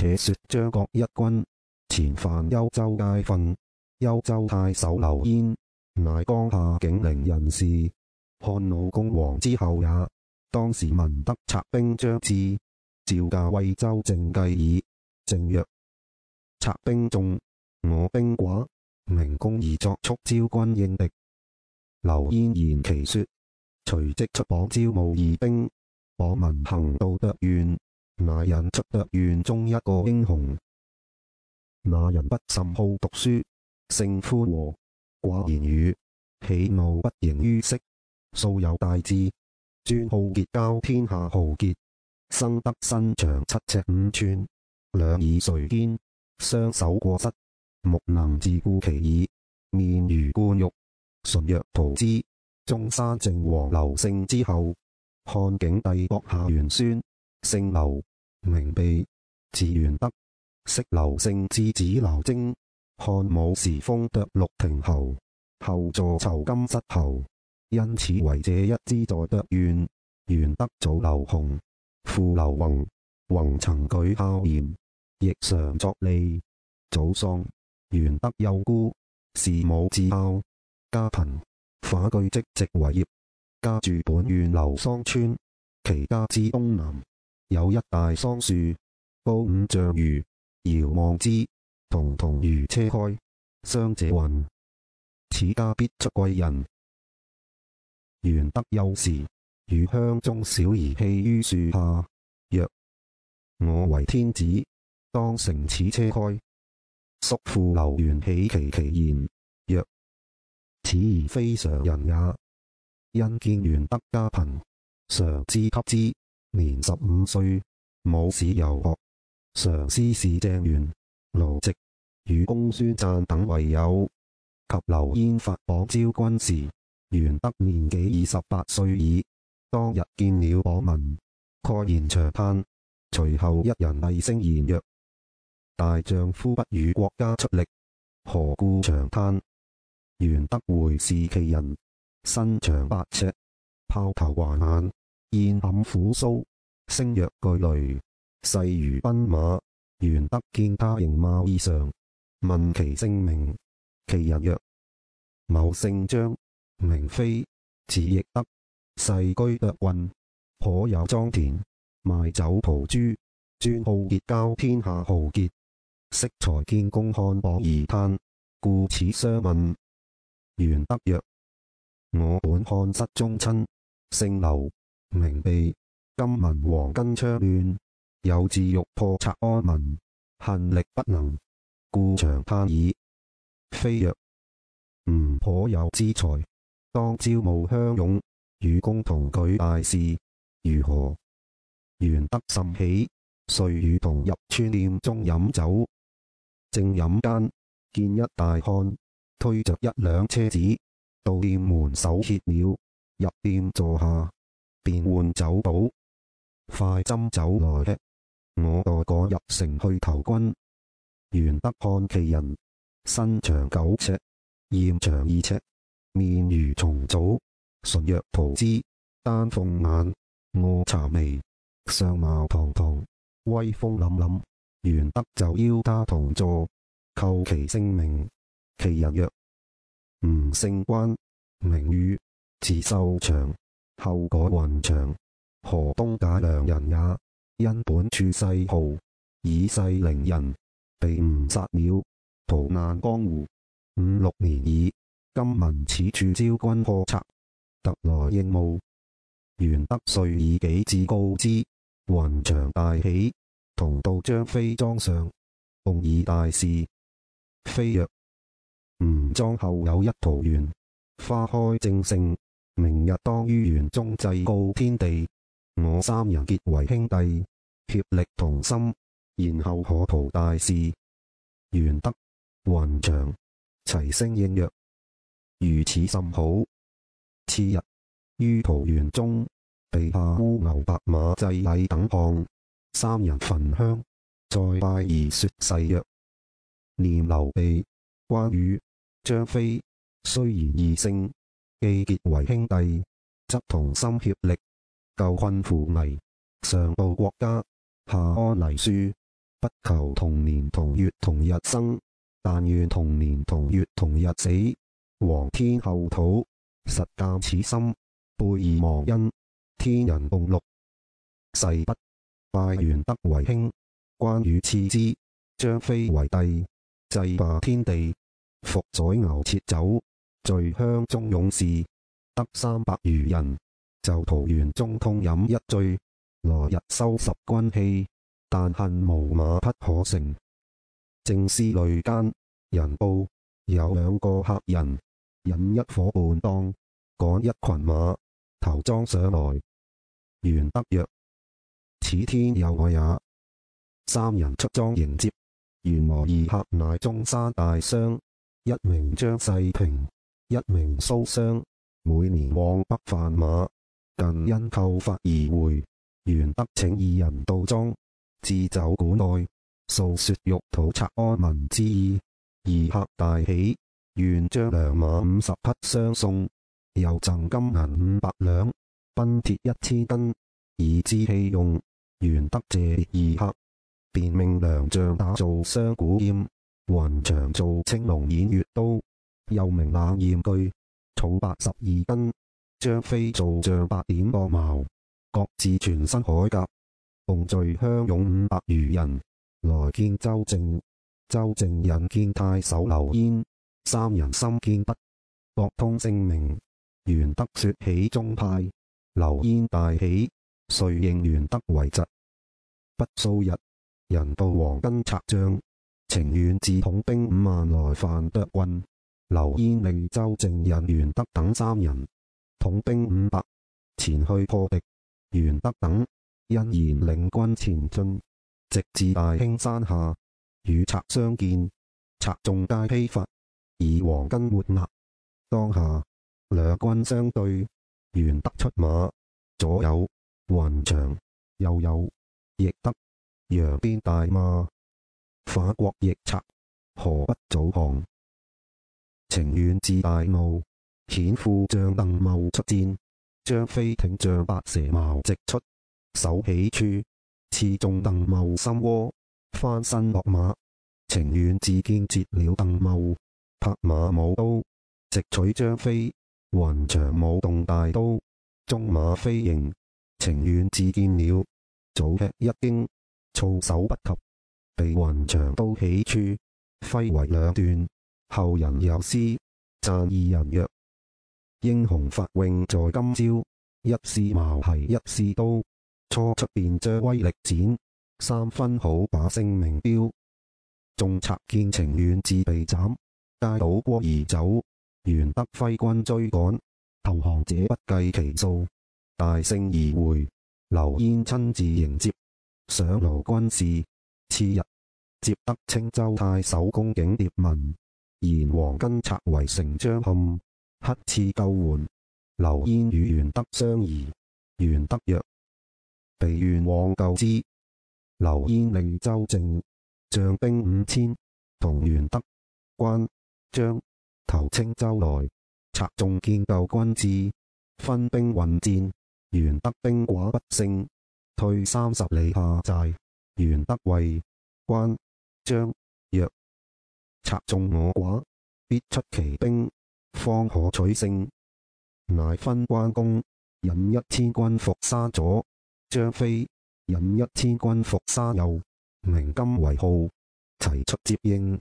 且說張角一軍前犯幽州界分，幽州太守劉焉乃江夏竟陵人氏，漢魯恭王之後也。當時聞得賊兵將至，召校尉鄒靖計議。靖曰：賊兵眾，我兵寡，明公宜作速招軍應敵。劉焉然其說，隨即出榜招募義兵，榜文行到涿縣。乃引出涿縣中一個英雄。那人不甚好讀書，性寬和，寡言語，喜怒不形於色，素有大志，專好結交天下豪傑。生得身長七尺五寸，兩耳垂肩，雙手過膝，目能自顧其耳，面如冠玉，唇若塗脂。中山靖王劉勝之後，漢景帝閣下玄孫，姓劉，名備，字玄德，昔劉勝之子劉貞，漢武時封涿鹿亭侯，後坐酬金失侯，因此遺這一枝在涿縣。玄德祖劉雄，父劉弘，弘曾舉孝廉，亦嘗作吏，早喪。玄德幼孤，事母至孝，家貧，販屨織蓆為業，家住本縣樓桑村，其家之東南，有一大桑樹，高五丈餘，遙望之，童童如車蓋。相者云：此家必出貴人。玄德幼時，與鄉中小兒戲於樹下，曰：我為天子，當乘此車蓋。叔父劉元起奇其言，曰：此兒非常人也。因見玄德家貧，常資給之。年十五歲，母使遊學，常師事鄭玄、盧植與公孫瓚等為友，及劉焉發榜招軍時，玄德年紀二十八歲矣。當日見了榜文，慨然長歎。隨後一人厲聲言曰：大丈夫不與國家出力，何故長歎？玄德回視其人，身長八尺，豹頭環眼。燕頷虎鬚聲，若巨雷，勢如奔馬。玄德見他形貌異常，問其姓名，其人曰：某姓張，名飛，字翼德，世居涿郡，頗有莊田，賣酒屠豬，專好結交天下豪傑，適纔見公，看榜而歎，故此相問。玄德曰：我本漢室宗親，姓劉。名備。今聞黃巾倡亂，有志欲破賊安民，恨力不能，故長歎耳。飛曰：吾、嗯、頗有資財，當招募鄉勇，與公同舉大事，如何？玄德甚喜，遂與同入村店中飲酒。正飲間，見一大漢推着一輛車子到店門首歇了，入店坐下。便喚酒保，快斟酒來吃！我待趕入城去投軍。玄德看其人身長九尺，髯長二尺，面如重棗，唇若塗脂，丹鳳眼，臥蠶眉，相貌堂堂，威風凜凜。玄德就邀他同坐，叩其姓名。其人曰：吾姓關，名羽，字壽長。後改雲長，河東解良人也。因本處勢豪，以勢凌人，被吾殺了，逃難江湖。五六年矣。今聞此處招軍破賊，特來應募。玄德遂以己志告之。雲長大喜，同到張飛莊上，共議大事。飛曰：吾莊後有一桃園，花開正盛。明日當於園中祭告天地，我三人結為兄弟，協力同心，然後可圖大事。玄德、雲長齊聲應曰：如此甚好。次日於桃園中，備下烏牛白馬祭禮等項，三人焚香，再拜而說誓曰，念劉備、關羽、張飛雖然異姓。既結為兄弟，則同心協力，救困扶危，上報國家，下安黎庶。不求同年同月同日生，但願同年同月同日死。皇天后土，實鑒此心。背義忘恩，天人共戮。誓畢，拜玄德為兄，關羽次之，張飛為弟，祭罷天地，復宰牛設酒，聚鄉中勇士，得三百餘人，就桃園中通飲一醉。來日收拾軍器，但恨無馬匹可乘。正是雷間人報，有兩個客人引一伙伴當，趕一群馬頭莊上來。玄德曰：此天有我也。三人出莊迎接，玄和，二客乃中山大商，一名張世平。一名蘇雙，每年往北販馬，近因寇發而回，玄德請二人到莊，置酒管待，訴說欲討賊安民之意，二客大喜，願將良馬五十匹相送，又贈金銀五百兩，鑌鐵一千斤，以資器用。玄德謝二客，便命良匠打造雙股劍，雲長造青龍偃月刀。又名冷豔鋸，重八十二斤。張飛造丈八點鋼矛，各置全身鎧甲。共聚鄉勇五百餘人，來見鄒靖，鄒靖引見太守劉焉。三人參見畢，各通姓名。玄德說起宗派，劉焉大喜，遂認玄德為侄。不數日，人報黃巾賊將，程遠志統兵五萬來犯涿郡。劉焉，令鄒靖引玄德等三人統兵五百前去破敵。玄德等欣然領軍前進，直至大興山下與賊相見。賊眾皆披髮，以黃巾抹額。當下兩軍相對，玄德出馬，左有雲長，右有翼德，揚鞭大罵，反國逆賊，何不早降？程遠志大怒，遣副將鄧茂出戰。張飛挺丈八蛇矛，直出，手起處刺中鄧茂心窩，翻身落馬。程遠志見折了鄧茂，拍馬舞刀，直取張飛。雲長舞動大刀，縱馬飛迎。程遠志見了，早吃一驚，措手不及，被雲長刀起處揮為兩段。後人有詩讚二人曰：英雄發穎在今朝，一試矛兮一試刀，初出便將威力展，三分好把姓名標。眾賊見程遠志被斬，皆倒戈而走。玄德揮軍追趕，投降者不計其數。大勝而回，劉焉親自迎接，賞勞軍士。次日，接得青州太守龔景牒文。言黃巾賊圍城將陷，乞賜救援。劉焉與玄德商議，玄德曰：“備願往救之。州政”劉焉令鄒靖將兵五千，同玄德、關張投青州來。賊眾見救軍至，分兵混戰。玄德兵寡不勝，退三十里下寨。玄德謂關張曰：賊眾我寡，必出奇兵，方可取勝。乃分關公引一千軍伏山左，張飛引一千軍伏山右，鳴金為號，齊出接應。